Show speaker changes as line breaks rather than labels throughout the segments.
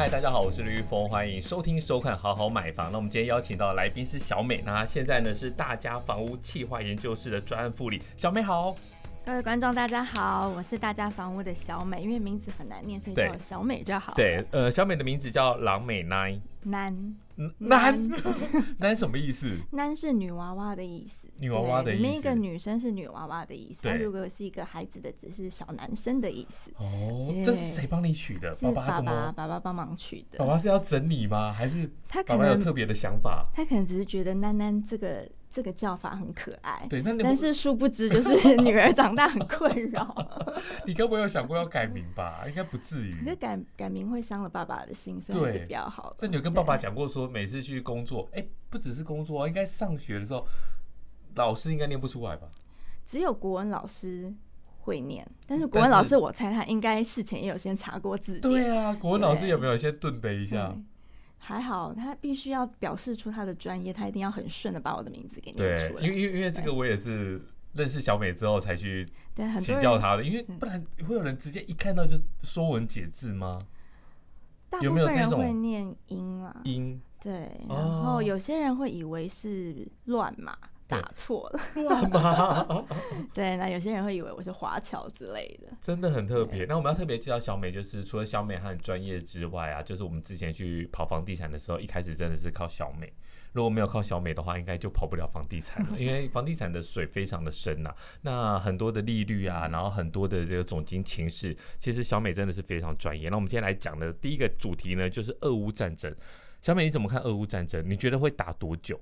嗨，大家好，我是林裕豐，歡迎收聽收看好好買房。那我們今天邀請到的來賓是小美，那現在呢，是大家房屋企劃研究室的專案助理，小美好。
各位觀眾大家好，我是大家房屋的小美，因為名字很難念，所以叫
我小美就好對。對，呃，小美的名字叫狼美男，
男，男，
男什麼意思？
男是女娃娃的意思。
女娃娃的意思，裡面一個
女生是女娃娃的意思。她如果是一個孩子的，只是小男生的意思。
哦，這是誰幫你取的？是爸爸，爸
爸幫忙取的。爸爸
是要整理嗎？還是爸爸他可能有特別的想法？
他可能只是覺得“囡囡”這個這個叫法很可愛。對，但是殊不知，就是女兒長大很困擾。
你該不會有想過要改名吧？ 應該不至於。
那改改名會傷了爸爸的心，所以是比較好
的。那你有跟爸爸講過說，每次去工作，哎、欸，不只是工作，應該上學的時候。老師應該念不出來吧？
只有國文老師會念，但是國文老師，我猜他應該事前也有先查過字典。對啊，國文老師
有沒有先頓背一下？嗯，
還好，他必須要表示出他的專業，他一定要很順的把我的名字給念出來。對，因為
因為因為這個，我也是認識小美之後才去請教他的，因為不然會有人直接一看到就說文解字嗎？有沒有這種會
念音嘛，啊？英對，然後有些人會以為是亂碼。打錯了， 對，那有些人會以為我是華僑之類的，
真的很特別。那我們要特別介紹小美，就是除了小美很專業之外啊，就是我們之前去跑房地產的時候，一開始真的是靠小美。如果沒有靠小美的話，應該就跑不了房地產了，因為房地產的水非常的深吶啊。 那很多的利率啊，然後很多的這個總經情勢，其實小美真的是非常專業。那我們今天來講的第一個主題呢，就是俄烏戰爭。小美，你怎麼看俄烏戰爭？你覺得會打多久？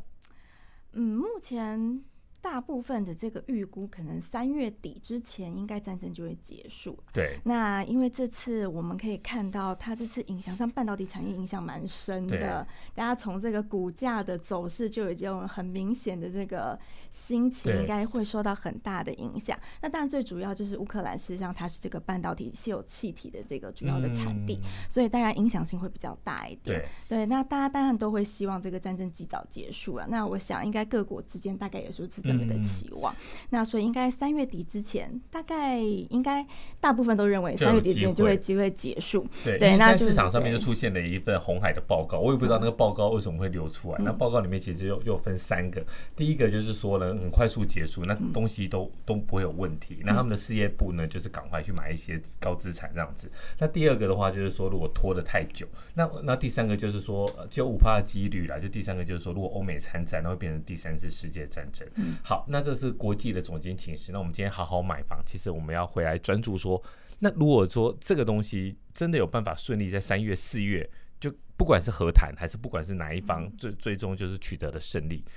嗯，目前。大部分的這個預估，可能三月底之前應該戰爭就會結束。對。那因為這次我們可以看到，它這次影響上半導體產業影響蠻深的。大家從這個股價的走勢，就已經有很明顯的這個心情，應該會受到很大的影響。那當然最主要就是烏克蘭，實際上它是這個半導體、稀有氣體的這個主要的產地，嗯、所以當然影響性會比較大一點。對。對。那大家當然都會希望這個戰爭及早結束啊。那我想，應該各國之間大概也是自己、嗯。他們的期望，那所以應該三月底之前，大概應該大部分都認為三月底之前就會機會結束。對，對，那市場上面就
出現了一份紅海的報告，我也不知道那個報告為什麼會流出來。嗯、那報告裡面其實又又分三個、嗯，第一個就是說呢，很快速結束，那東西都、嗯、都不會有問題。那他們的事業部呢，就是趕快去買一些高資產這樣子。那第二個的話就是說，如果拖得太久，那那第三個就是說，只有五%的幾率了。就第三個就是說，如果歐美參戰，那會變成第三次世界戰爭。嗯好，那這是國際的總經情勢。那我們今天好好買房，其實我們要回來專注說，那如果說這個東西真的有辦法順利在三月四月，就不管是和談還是不管是哪一方，最最終就是取得了勝利，嗯、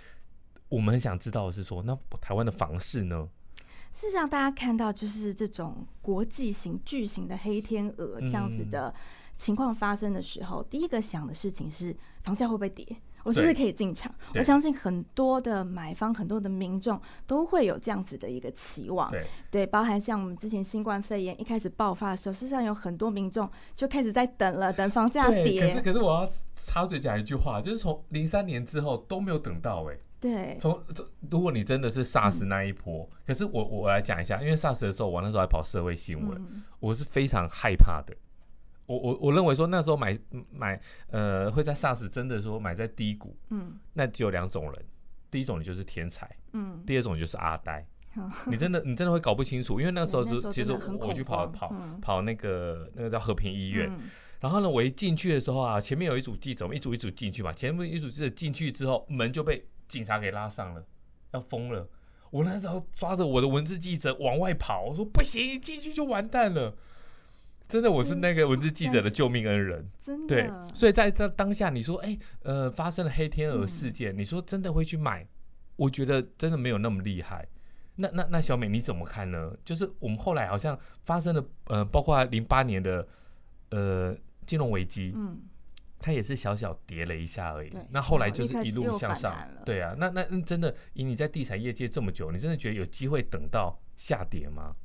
我們很想知道的是說，那台灣的房市呢？事
實上，大家看到就是這種國際型巨型的黑天鵝這樣子的情況發生的時候、嗯，第一個想的事情是房價會不會跌？我是不是可以進場？我相信很多的買方、很多的民眾都會有這樣子的一個期望對。對，包含像我們之前新冠肺炎一開始爆發的時候，事實上有很多民眾就開始在等了，等房價跌對。可是，可
是我要插嘴講一句話，就是從零三年之後都沒有等到哎、欸。對，從，如果你真的是 SARS 那一波，嗯、可是我我來講一下，因為 SARS 的時候，我那時候還跑社會新聞、嗯，我是非常害怕的。我我我認為說，那時候買買呃會在 SARS 真的說買在低谷，嗯，那只有兩種人，第一種你就是天才，嗯，第二種就是阿呆，嗯、你真的你真的會搞不清楚，因為那時候是其實我去跑跑、嗯、跑那個那個叫和平醫院，嗯、然後呢我一進去的時候啊，前面有一組記者，我們一組一組進去嘛，前面一組記者進去之後，門就被警察給拉上了，要封了，我那時候抓着我的文字記者往外跑，我說不行，一進去就完蛋了。真的，我是那個文字記者的救命恩人。真的，對，所以在當下，你說，哎、欸，呃，發生了黑天鵝事件、嗯，你說真的會去買？我覺得真的沒有那麼厲害。那那那小美你怎麼看呢？就是我們後來好像發生了，呃，包括零八年的呃金融危機、嗯，它也是小小跌了一下而已。對，那後來就是一路向上。哦、對啊，那那真的，以你在地產業界這麼久，你真的覺得有機會等到下跌嗎？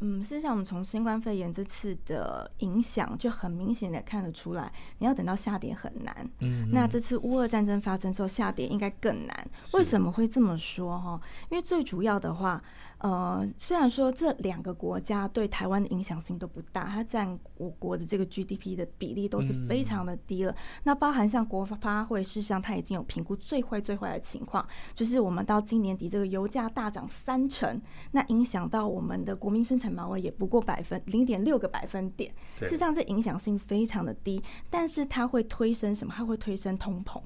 嗯，事實上，我們從新冠肺炎這次的影響就很明顯的看得出來，你要等到下跌很難。嗯，那這次烏俄戰爭發生之後，下跌應該更難。為什麼會這麼說？哈，因為最主要的話，呃，雖然說這兩個國家對台灣的影響性都不大，它佔我國的這個 GDP 的比例都是非常的低了。嗯、那包含像國發會事實上，它已經有評估最壞最壞的情況，就是我們到今年底這個油價大漲三成，那影響到我們的國民生產毛額也不過百分零點六個百分點，事實上這影響性非常的低，但是它會推升什麼？它會推升通膨。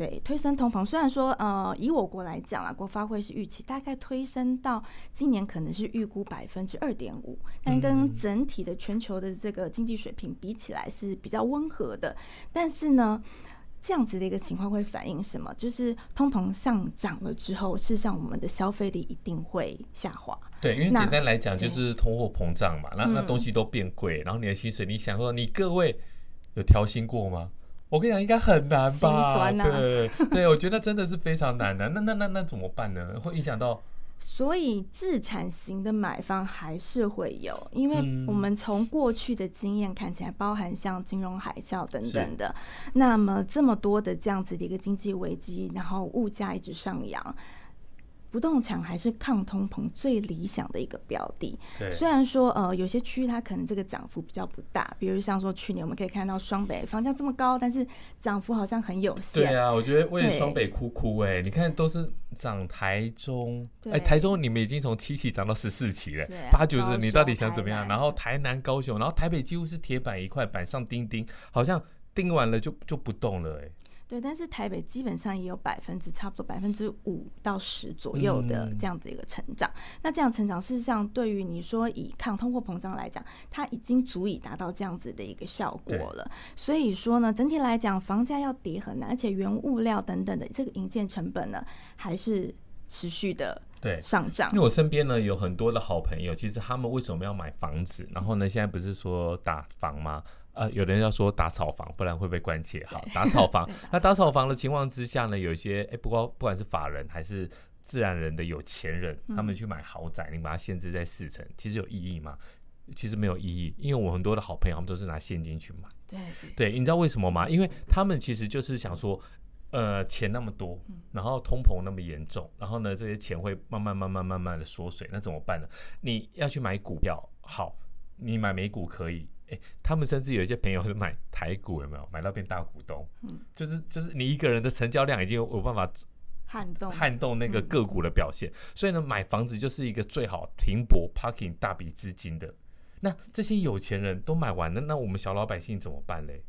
對，推升通膨，雖然說，呃，以我國來講啊，國發會是預期大概推升到今年可能是預估百分之二點五，但跟整體的全球的這個經濟水平比起來是比較溫和的。但是呢，這樣子的一個情況會反映什麼？就是通膨上漲了之後，事實上我們的消費力一定會下滑。對，因為簡單來
講就是通貨膨脹嘛，那那東西都變貴，然後你的薪水，你想說你各位有調薪過嗎？我跟你講，應該很難吧？酸啊、對 對我覺得真的是非常難的。 那那那那怎麼辦呢？會影響到？
所以自產型的買方還是會有，因為我們從過去的經驗看起來，包含像金融海嘯等等的，那麼這麼多的這樣子的一個經濟危機，然後物價一直上揚。不動產還是抗通膨最理想的一個標的。雖然說呃，有些區域它可能這個漲幅比較不大，比如像說去年我們可以看到雙北房價這麼高，但是漲幅好像很有限。對啊，我覺得為雙北
哭哭哎，你看都是漲台中，哎、欸，台中你們已經從七期漲到十四期了對，啊，八九十，你到底想怎麼樣？然後台南、高雄，然後台北幾乎是鐵板一塊，板上釘釘，好像釘完了就就不動了哎、欸。
對，但是台北基本上也有百分之差不多百分之五到十左右的這樣子一個成長，嗯。那這樣成長事實上對於你說以抗通貨膨脹來講，它已經足以達到這樣子的一個效果了。所以說呢，整體來講房價要跌很難，而且原物料等等的這個營建成本呢還是持續的對上漲對。因為我
身邊呢有很多的好朋友，其實他們為什麼要買房子？然後呢，現在不是說打房嗎？啊、呃，有人要說打草房，不然會被關切哈。打草房，那打草房的情況之下呢，有一些哎、欸，不管不管是法人還是自然人的有錢人、嗯，他們去買豪宅，你把它限制在四成，其實有意義嗎？其實沒有意義，因為我很多的好朋友，他們都是拿現金去買。對對，你知道為什麼嗎？因為他們其實就是想說，呃，錢那麼多，然後通膨那麼嚴重，然後呢，這些錢會慢慢慢慢慢慢的縮水，那怎麼辦呢？你要去買股票，好，你買美股可以。欸、他們甚至有一些朋友是買台股，有沒有買到變大股東？嗯，就是就是你一個人的成交量已經有有辦法
撼動撼
動那個個股的表現、嗯。所以呢，買房子就是一個最好停泊 parking 大筆資金的。那這些有錢人都買完了，那我們小老百姓怎麼辦嘞？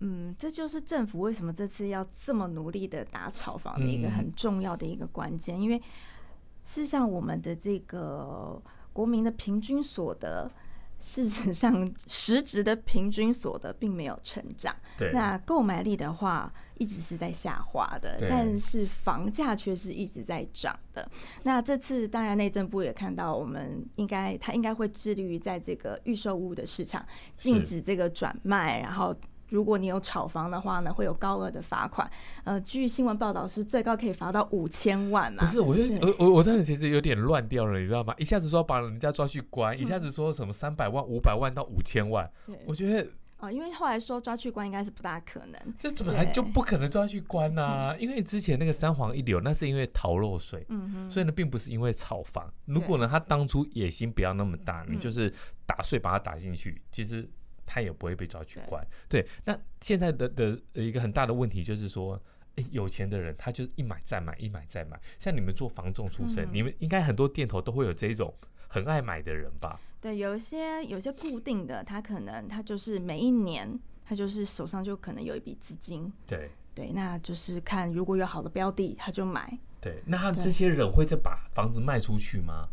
嗯，
這就是政府為什麼這次要這麼努力的打炒房的一個很重要的一個關鍵、嗯，因為是像我們的這個國民的平均所得。事實上，實質的平均所得並沒有成長。對，那購買力的話，一直是在下滑的。但是房價却是一直在漲的。那這次，當然內政部也看到，我們應該，他應該會致力於在這個預售屋的市場禁止這個轉賣，然後。如果你有炒房的話呢，會有高額的罰款。呃，據新聞報道是最高可以罰到五千萬嘛？不是，嗯、
我覺得我我我這裡其實有點亂掉了，你知道嗎？一下子說把人家抓去關，嗯、一下子說什麼三百萬、五百萬到五千萬對，我覺得
啊、哦，因為後來說抓去關應該是不大可能，這本來就
不可能抓去關吶、啊嗯。因為之前那個三黃一流，那是因為逃漏稅，嗯嗯，所以呢並不是因為炒房。如果呢他當初野心不要那麼大，你就是打稅把它打進去、嗯，其實。他也不會被抓去關，對，對。那現在的的一個很大的問題就是說，欸、有錢的人他就是一買再買，一買再買。像你們做房仲出身，嗯、你們應該很多店頭都會有這種很愛買的人吧？
對，有一些有一些固定的，他可能他就是每一年他就是手上就可能有一筆資金。對對，那就是看如果有好的標的，他就買。
對，那他們這些人會再把房子賣出去嗎？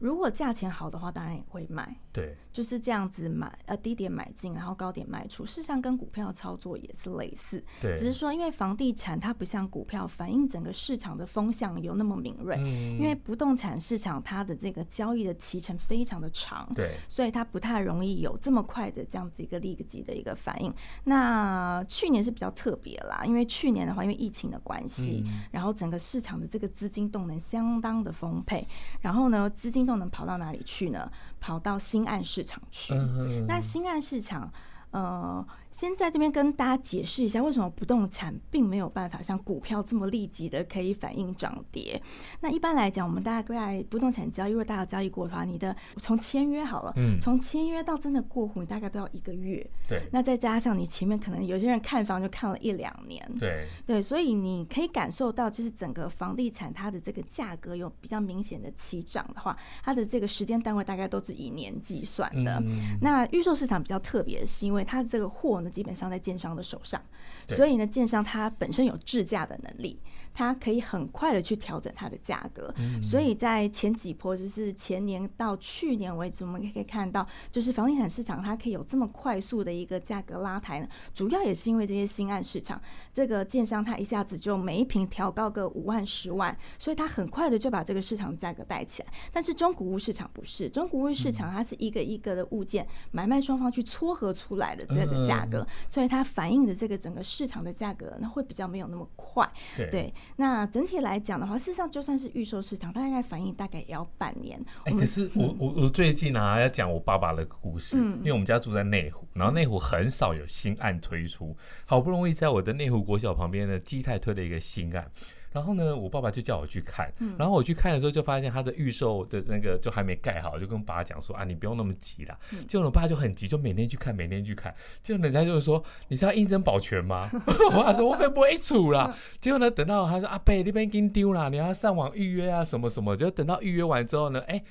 如果價錢好的話，當然也會買。對，就是這樣子買，呃，低點買進，然後高點賣出。事實上，跟股票操作也是類似。對。只是說，因為房地產它不像股票，反映整個市場的風向有那麼敏銳。嗯。因為不動產市場它的這個交易的期程非常的長。對。所以它不太容易有這麼快的這樣子一個立即的一個反應。那去年是比較特別啦，因為去年的話，因為疫情的關係，嗯，然後整個市場的這個資金動能相當的豐沛，然後呢，資金。都能跑到哪裡去呢？跑到新案市場去。Uh -huh. 那新案市場，呃。先在這邊跟大家解釋一下，為什麼不動產並沒有辦法像股票這麼立即的可以反映漲跌。那一般來講，我們大概不動產交易，如果大家有交易過的話，你的從簽約好了，從、嗯、簽約到真的過戶，你大概都要一個月。對。那再加上你前面可能有些人看房就看了一兩年。對。對，所以你可以感受到，就是整個房地產它的這個價格有比較明顯的起漲的話，它的這個時間單位大概都是以年計算的。嗯。那預售市場比較特別，是因為它的這個貨。那基本上在建商的手上，所以呢，建商它本身有制價的能力，它可以很快的去調整它的價格，嗯嗯。所以在前幾波，就是前年到去年為止，我們可以看到，就是房地產市場它可以有這麼快速的一個價格拉抬呢，主要也是因為這些新案市場，這個建商它一下子就每一平調高個五萬十萬，所以它很快的就把這個市場價格帶起來。但是中古屋市場不是，中古屋市場它是一個一個的物件、嗯、買賣雙方去撮合出來的這個價格。嗯嗯所以它反映的這個整個市場的價格，那會比較沒有那麼快。對，對那整體來講的話，事實上就算是預售市場，它大概反映大概也要半年。哎、欸嗯，可是我
我、嗯、我最近啊要講我爸爸的故事、嗯，因為我們家住在內湖，然後內湖很少有新案推出，好不容易在我的內湖國小旁邊的基泰推了一個新案。然後呢，我爸爸就叫我去看，嗯。然後我去看的時候就發現他的預售的那個就還沒蓋好，就跟爸講說：“啊，你不用那麼急啦。嗯”結果我爸就很急，就每天去看，每天去看。結果人家就是說：“你是要應徵保全嗎？” 我爸說：“我可以不會出啦。 結果呢，等到他說：“阿伯那邊已經丟了，你要上網預約啊，什麼什麼。”就等到預約完之後呢，哎，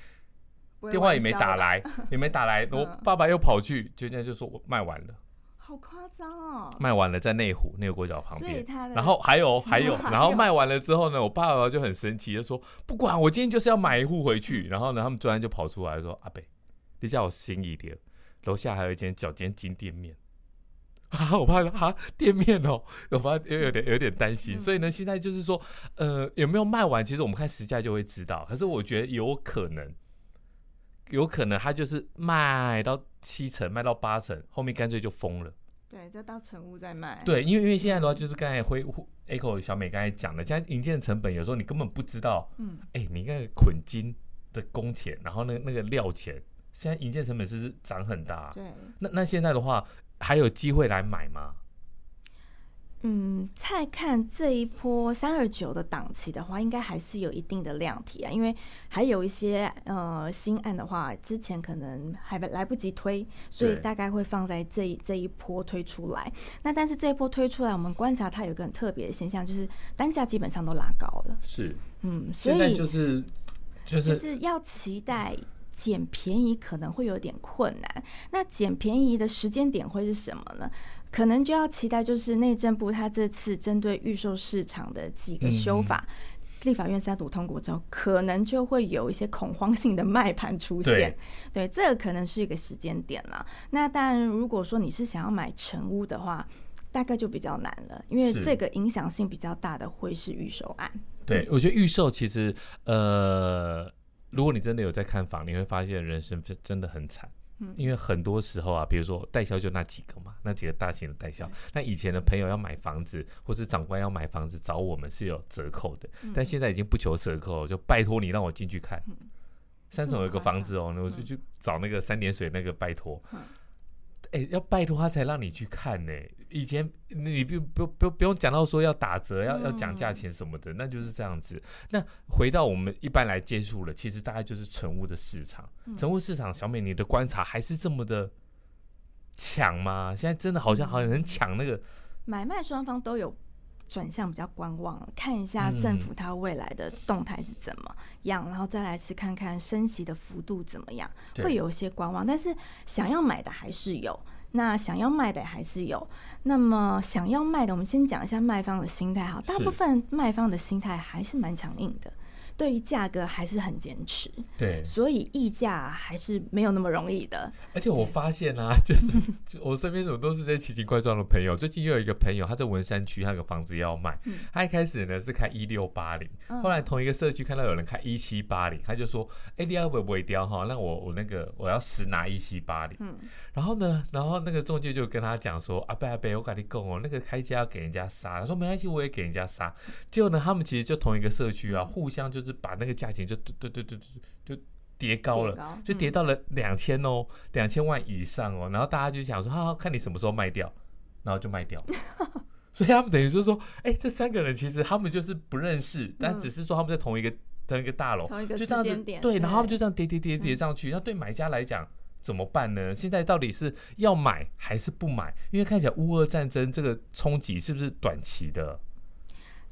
電話也沒打來， 也沒打來。我爸爸又跑去， 就人家就說：“我賣完了。”好誇張哦！賣完了在內，在內湖那個國腳旁邊，然後還有還有，還有，然後賣完了之後呢，我爸爸就很生氣，就說不管，我今天就是要買一戶回去。嗯。然後呢，他們專案就跑出來說：“嗯、阿伯，你叫我心一點，樓下還有一間角間金店面。啊”哈我怕啊，店面哦，我怕有有，有點有點擔心。嗯。所以呢，現在就是說，呃，有沒有賣完，其實我們看實價就會知道。可是我覺得有可能。有可能他就是賣到七成，賣到八成，後面乾脆就封了。對，
就到成屋再賣。對，
因為因為現在的話，就是剛才灰、嗯、Echo 小美剛才講的，現在營建成本有時候你根本不知道。嗯。哎、欸，你那個捆金的工錢，然後那個、那個料錢，現在營建成本是不是漲很大。對。那那現在的話，還有機會來買嗎？
嗯，再看這一波三二九的檔期的話，應該還是有一定的量體啊，因為還有一些呃新案的話，之前可能還來不及推，所以大概會放在這一這一波推出來。那但是這一波推出來，我們觀察它有個很特別的現象，就是單價基本上都拉高
了。是，嗯，所以就是就是、就是
要期待、嗯。撿便宜可能會有點困難，那撿便宜的時間點會是什麼呢？可能就要期待，就是內政部他這次針對預售市場的幾個修法，嗯、立法院三讀通過之後，可能就會有一些恐慌性的賣盤出現。對，對這個可能是一個時間點了、啊。那當然，如果說你是想要買成屋的話，大概就比較難了，因為這個影響性比較大的會是預售案。
對、嗯、我覺得預售其實，呃。如果你真的有在看房，你會發現人生是真的很慘，因為很多時候啊，比如說代銷就那幾個嘛，那幾個大型的代銷，那以前的朋友要買房子或是長官要買房子找我們是有折扣的、嗯，但現在已經不求折扣，就拜托你讓我進去看。三重有一個房子哦，那我就去找那個三點水那個拜托，哎、欸，要拜托他才讓你去看呢、欸。以前你不不不不用講到說要打折、嗯、要要講價錢什麼的，那就是這樣子。那回到我們一般來接觸了，其實大概就是成屋的市場。成、嗯、屋市場，小美你的觀察還是這麼的搶嗎？現在真的好像好像很搶那個
買賣雙方都有轉向比較觀望，看一下政府它未來的動態是怎麼樣、嗯，然後再來是看看升息的幅度怎麼樣，對，會有一些觀望，但是想要買的還是有。那想要賣的還是有，那麼想要賣的，我們先講一下賣方的心態。好，大部分賣方的心態還是蠻強硬的。對於價格還是很堅持，對，所以議價還是沒有那麼容易的。
而且我發現啊，就是 就我身邊怎麼都是這些奇奇怪怪的朋友。 最近又有一個朋友，他在文山區，他有個房子要賣。嗯、他一開始呢是開一六八零，後來同一個社區看到有人開一七八零，他就說：“哎、嗯欸，你要不要？不、哦、哈？那我我那個我要實拿一七八零。”然後呢，然後那個中介就跟他講說：“伯、嗯、阿伯我趕緊夠哦，那個開價要給人家殺。”他說：“沒關係，我也給人家殺。 ”結果呢，他們其實就同一個社區啊、嗯，互相就。就是把那個價錢就對對對對就疊高了，就疊到了兩千哦，兩、嗯、千萬以上哦、喔。然後大家就想說，哈，哈，看你什麼時候賣掉，然後就賣掉了。 所以他們等於就是說，哎、欸，這三個人其實他們就是不認識，但只是說他們在同一個、嗯、同一個大樓，就這樣的對，然後他們就這樣疊疊疊疊上去。那、嗯、對買家來講怎麼辦呢？現在到底是要買還是不買？因為看起來烏俄戰爭這個衝擊是不是短期的？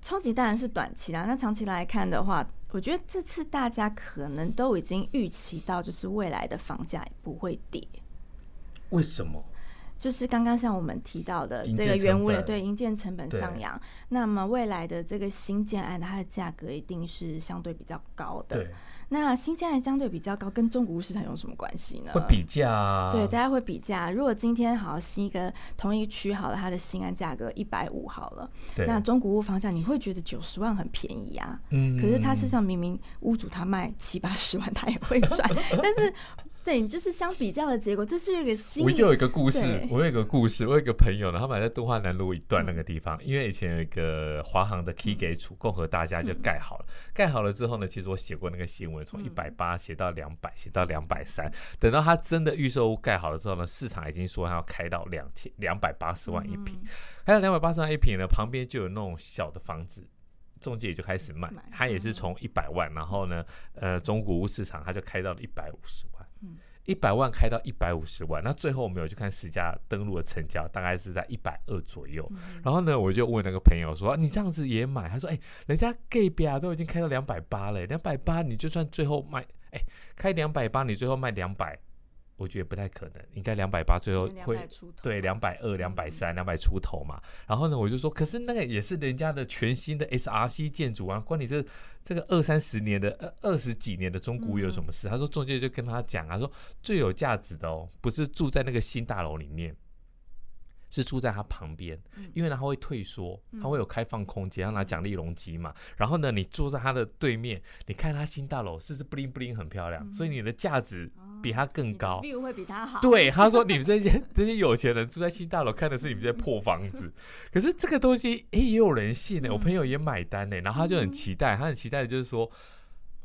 衝擊當然是短期啦，那長期來看的話，我覺得這次大家可能都已經預期到，就是未來的房價不會跌。
為什麼？
就是剛剛像我們提到的這個原物料對營建成本上揚，那麼未來的這個新建案它的價格一定是相對比較高的。對，那新建案相對比較高，跟中古屋市場有什麼關係呢？會比
價、啊，對，大
家會比價。如果今天好像是一個同一區好了，它的新案價格一百五好了對，那中古屋房價你會覺得九十萬很便宜啊？嗯，可是它事實上明明屋主他賣七八十萬他也會賺， 但是。對，你就是相比較的結果，這是有一個新。我又有一個故事，
我有一個故事，我有一個朋友呢，他買在敦化南路一段那個地方、嗯，因為以前有一個華航的 T 給處共和大家就蓋好了、嗯，蓋好了之後呢，其實我寫過那個新聞，從一百八寫到兩百，寫到兩百三，等到他真的預售屋蓋好了之後呢，市場已經說他要開到兩千兩百八十萬一坪、嗯，還有兩百八十萬一坪呢，旁邊就有那種小的房子，中介也就開始賣，嗯，他也是從一百萬，然後呢，呃，中古屋市場他就開到了一百五十萬。一百萬開到一百五十萬，那最後我們有去看實價登錄的成交，大概是在一百二左右，嗯。然後呢，我就問那個朋友說：“你這樣子也買？”他說：“哎、欸，人家隔壁都已經開到兩百八了，欸，兩百八你就算最後賣，哎、欸，開兩百八你最後賣兩百。”我覺得不太可能，應該兩百八，最後會兩百出頭，對，兩百二、兩百三、兩百出頭嘛。然後呢，我就說，可是那個也是人家的全新的 S R C 建築啊，關你這這個二三十年的、二二十幾年的中古有什麼事？嗯嗯，他說中介就跟他講啊，他說最有價值的哦，不是住在那個新大樓裡面。是住在他旁邊，因為呢，他會退縮，他會有開放空間、嗯，要拿獎勵容積嘛。然後呢，你住在他的對面，你看他新大樓是不是布靈布靈，很漂亮、嗯？所以你的價值比他更高，哦、
會比他好。對，
他說你們這些 這些有錢人住在新大樓，看的是你們這些破房子。嗯、可是這個東西，哎、欸，也有人信呢、欸嗯，我朋友也買單呢、欸，然後他就很期待、嗯，他很期待的就是說，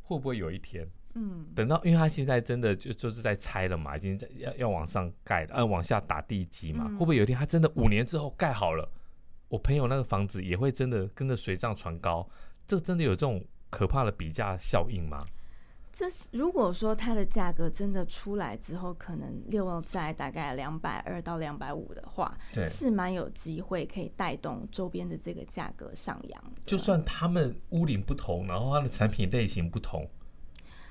會不會有一天？嗯，等到因為他現在真的就就是在拆了嘛，已經在要要往上蓋了，呃、啊，往下打地基嘛。嗯、會不會有一天他真的五年之後蓋好了、嗯，我朋友那個房子也會真的跟着水漲船高？這真的有這種可怕的比價效應嗎？
這是如果說它的價格真的出來之後，可能落在大概兩百二到兩百五的話，對，是蠻有機會可以帶動周邊的這個價格上揚。
就算他們屋齡不同，然後它的產品類型不同。嗯嗯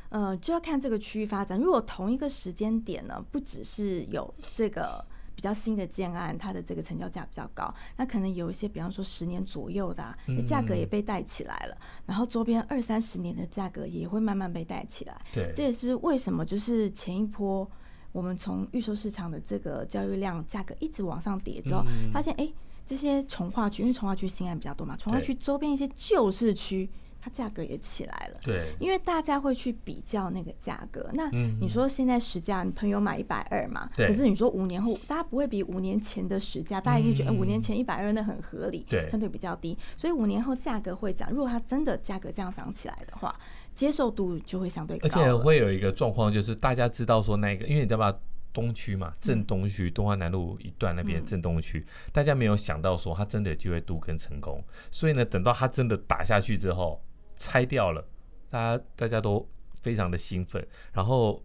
呃，就要看這個區域發展。如果同一個時間點呢，不只是有這個比較新的建案，它的這個成交價比較高，那可能有一些，比方說十年左右的、啊嗯，價格也被帶起來了。然後周邊二三十年的價格也會慢慢被帶起來。對，這也是為什麼就是前一波我們從預售市場的這個交易量、價格一直往上疊之後，嗯、發現哎，這些重劃區，因為重劃區新案比較多嘛，重劃區周邊一些舊市區。它價格也起來了，對，因為大家會去比較那個價格、嗯。那你說現在實價、嗯，你朋友買一百二嘛？對。可是你說五年後，大家不會比五年前的實價大家一定覺得五年前一百二那很合理，相、嗯、對比較低。所以五年後價格會漲。如果它真的價格這樣漲起來的話，接受度就會相對高。而且
會有一個狀況，就是大家知道說那個，因為你知道吧，東區嘛，正東區，敦化南路一段那邊正東區、嗯，大家沒有想到說它真的就會都更成功。所以呢，等到它真的打下去之後。拆掉了，大家大家都非常的興奮，然後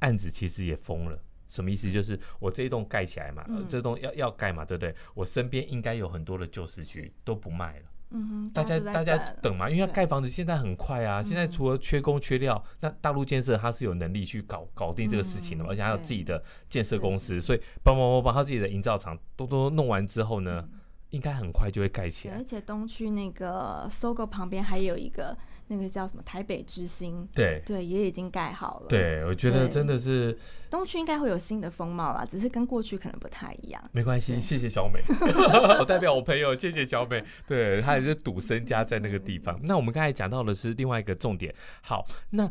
案子其實也封了。什麼意思？就是我這一棟蓋起來嘛，嗯呃、這棟要要蓋嘛，對不對？我身邊應該有很多的舊市區都不賣了。
嗯哼，大家大家,大家
等嘛，因為要蓋房子，現在很快啊。現在除了缺工缺料、嗯，那大陸建設他是有能力去搞搞定這個事情的，嘛、嗯。而且他有自己的建設公司，所以幫幫幫幫他自己的營造廠多多弄完之後呢。嗯應該很快就會蓋起來，
而且東區那個 SOGO 旁邊還有一個那個叫什麼台北之星，對對也已經蓋好了對。對，我覺得真的是東區應該會有新的風貌啦，只是跟過去可能不太一樣。
沒關係，謝謝小美， 我代表我朋友謝謝小美。對，他也是賭身家在那個地方。嗯、那我們剛才講到的是另外一個重點。好，那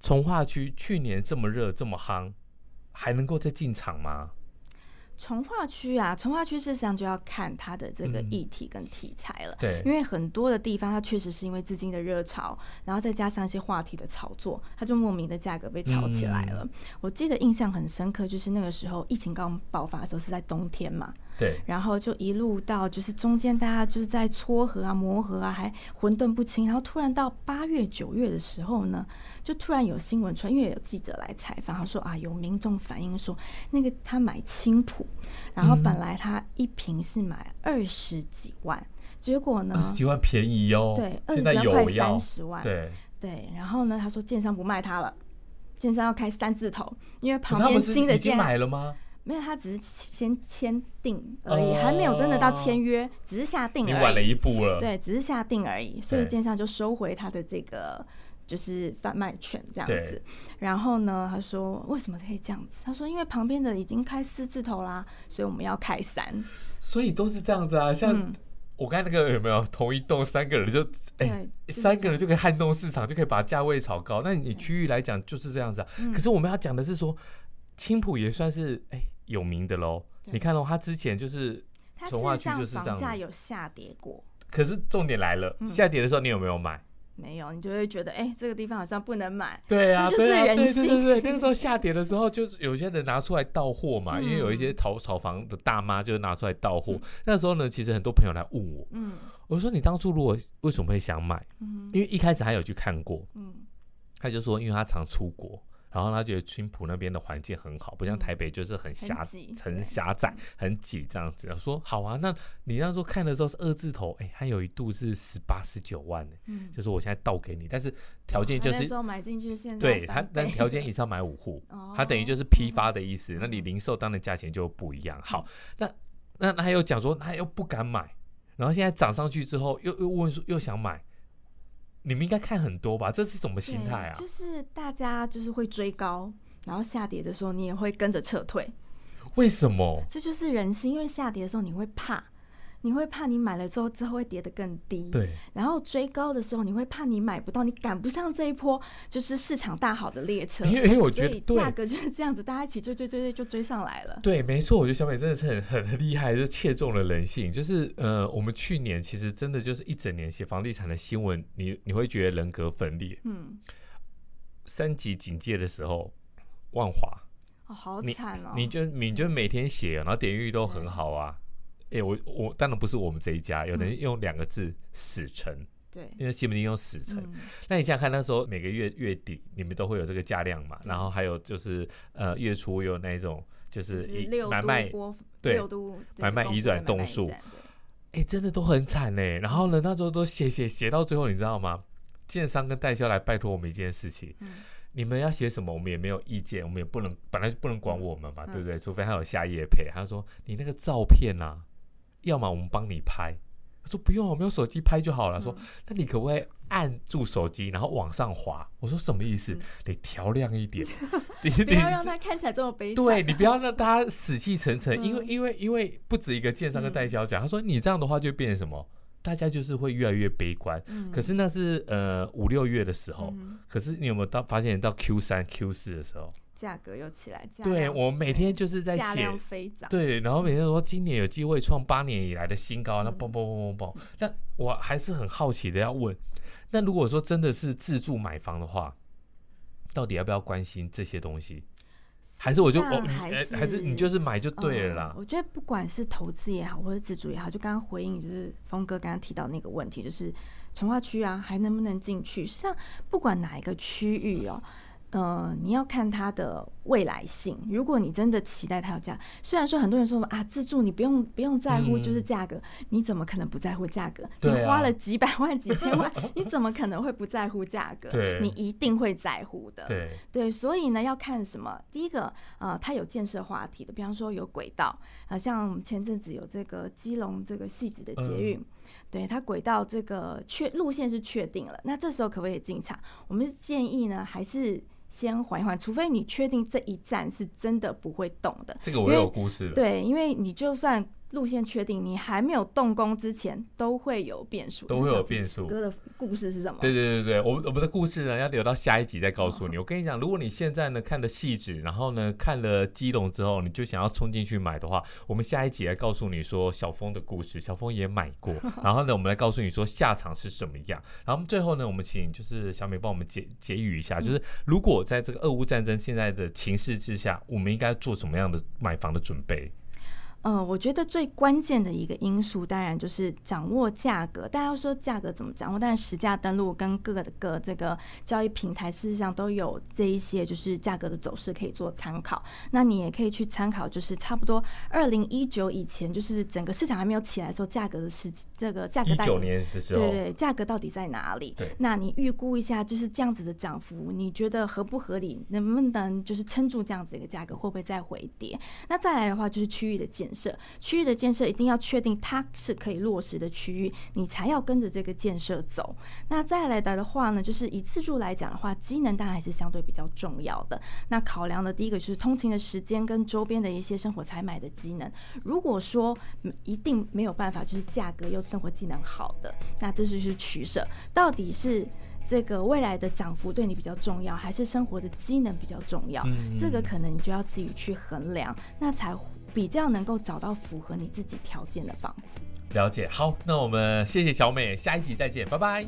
重劃區去年這麼熱這麼夯，還能夠再進場嗎？
重劃區啊，重劃區事實上就要看它的這個議題跟題材了。嗯、對，因為很多的地方，它確實是因為資金的熱潮，然後再加上一些話題的炒作，它就莫名的價格被炒起來了，嗯。我記得印象很深刻，就是那個時候疫情剛爆發的時候是在冬天嘛。對，然後就一路到就是中間大家就是在撮合啊、磨合啊，還混沌不清。然後突然到八月九月的時候呢，就突然有新聞出來，因為有記者來採訪，他說啊，有民眾反映說，那個他買青埔，然後本來他一坪是買二十幾萬，嗯、結果呢，二十幾
萬便宜哦？對，二十幾萬快三十萬，對
對。然後呢，他說建商不賣他了，建商要開三字頭，因為旁邊他已經新的建已經買了嗎？沒有，他只是先簽訂而已，哦，還沒有真的到簽約，哦，只是下定而已。你晚了一步了。對，只是下定而已，所以建商就收回他的這個就是販賣權這樣子。然後呢，他說為什麼可以這樣子？他說因為旁邊的已經開四字頭啦，所以我們要開三。
所以都是這樣子啊，嗯、像我剛才那個有沒有？同一棟，三個人就哎、欸就是，三個人就可以撼動市場，就可以把價位炒高。那你區域來講就是這樣子啊。啊、嗯。可是我們要講的是說，青浦也算是哎。欸有名的嘍，你看哦，他之前就是，就是，他事實上房價
有下跌過。
可是重點來了，嗯，下跌的時候你有沒有買？
沒有，你就會覺得哎，欸，這個地方好像不能買。對啊，就是人性，啊。對對對，對，對， 那時候
下跌的時候，就有些人拿出來倒貨嘛，嗯，因為有一些炒炒房的大媽就拿出來倒貨，嗯。那時候呢，其實很多朋友來問我，嗯，我說你當初如果為什麼會想買？嗯，因為一開始還有去看過，嗯，他就說，因為他常出國。然後他覺得青浦那邊的環境很好，不像台北就是很狹窄、嗯、很很狹窄、很擠這樣子。他說：“好啊，那你那時候看的時候是二字頭，哎，他有一度是十八、十九萬，就是我現在倒給你，但是條件就是、哦、他對他，但條件以上買五戶，哦、他等於就是批發的意思、嗯。那你零售當的價錢就不一樣。好，嗯、那那他又講說他又不敢買，然後現在漲上去之後又，又又問說又想買。”你們應該看很多吧？這是什麼心態啊？就
是大家就是會追高，然後下跌的時候你也會跟着撤退。
為什麼？這
就是人心，因為下跌的時候你會怕。你會怕你買了之後之後會跌得更低，對。然後追高的時候，你會怕你買不到，你趕不上這一波就是市場大好的列車。因為因為我覺得價格就是這樣子，大家一起追追追追就追上來了。
對，沒錯，我覺得小美真的是很很厲害，就切中了人性。就是呃，我們去年其實真的就是一整年寫房地產的新聞，你你會覺得人格分裂。嗯。三級警戒的時候，萬華哦，
好慘哦。你，你
就你就每天寫，然後點閱都很好啊。哎、欸，我我當然不是我們這一家，嗯、有人用兩個字死城，因為西門町用死城、嗯。那你想想看，那時候每個月月底你們都會有這個價量嘛、嗯，然後還有就是呃月初有那種就是買賣、就是、對，對買賣移轉棟數，哎、欸，真的都很慘呢。然後呢，那時候都寫寫寫到最後，你知道嗎？建商跟代銷來拜託我們一件事情，嗯、你們要寫什麼，我們也沒有意見，我們也不能本來就不能管我們嘛，嗯、對不對，對？除非他有下業配，他說你那個照片啊。要麼我們幫你拍，他說不用，我們用手機拍就好了。嗯、他說，那你可不可以按住手機，然後往上滑？我說什麼意思？得、嗯、調亮一點， 你不要讓它
看起來這麼悲慘、啊。對你不要
讓大家死氣沉沉，因為因為因為不止一個建商的代銷講、嗯，他說你這樣的話就變成什麼？大家就是會越來越悲觀。嗯、可是那是呃五六月的時候、嗯，可是你有沒有到發現到 Q 三 Q 四的時候？
價格又起來，價對，我每天就是在寫，對，然後每
天說今年有機會創八年以來的新高，那嘣嘣嘣嘣嘣，那我還是很好奇的要問，那如果說真的是自住買房的話，到底要不要關心這些東西？還是我就還是、哦你呃、還是你就是買就對了啦？嗯、我
覺得不管是投資也好，或者自住也好，就剛剛回應就是峰哥剛剛提到那個問題，就是重劃區啊，還能不能進去？像不管哪一個區域哦、喔。呃，你要看它的未來性。如果你真的期待它有價，雖然說很多人說啊，自住你不用不用在乎就是價格，嗯，你怎麼可能不在乎價格對，啊？你花了幾百萬幾千萬， 你怎麼可能會不在乎價格對？你一定會在乎的。對對，所以呢，要看什麼？第一個，呃，它有建設話題的，比方說有軌道，啊，像前陣子有這個基隆這個汐止的捷運，嗯，對它軌道這個確路線是確定了，那這時候可不可以進場？我們建議呢，還是。先緩一緩，除非你確定這一站是真的不會動的。這個我有故事。對，因為你就算。路線確定，你還沒有動工之前都會有變數，都會有變數。哥的故事是什
麼？對對對對，我們我們的故事呢，要留到下一集再告訴你、哦。我跟你講，如果你現在呢看了汐止，然後呢看了基隆之後，你就想要衝進去買的話，我們下一集來告訴你說小峰的故事，小峰也買過。然後呢，我們來告訴你說下場是什麼樣哈哈。然後最後呢，我們請就是小美幫我們結結語一下，就是如果在這個俄烏戰爭現在的情勢之下，我們應該做什麼樣的買房的準備？
呃，我覺得最關鍵的一個因素，當然就是掌握價格。大家要說價格怎麼掌握？但是實價登錄跟各個的各這個交易平台，事實上都有這一些就是價格的走勢可以做參考。那你也可以去參考，就是差不多二零一九以前，就是整個市場還沒有起來的時候，價格的實這個價格一九年
的時候，對，對對，
價格到底在哪裡？對，那你預估一下，就是這樣子的漲幅，你覺得合不合理？能不能就是撐住這樣子一個價格？會不會再回跌？那再來的話，就是區域的建設。設區域的建設一定要確定它是可以落實的區域，你才要跟着這個建設走。那再來的話呢，就是以自住來講的話，機能當然還是相對比較重要的。那考量的第一個就是通勤的時間跟周邊的一些生活採買的機能。如果說一定沒有辦法，就是價格又生活機能好的，那這就是取捨。到底是這個未來的漲幅對你比較重要，還是生活的機能比較重要？嗯嗯，這個可能你就要自己去衡量，那才比較能夠找到符合你自己條件的房
子。了解，好，那我們謝謝小美，下一集再見，拜拜。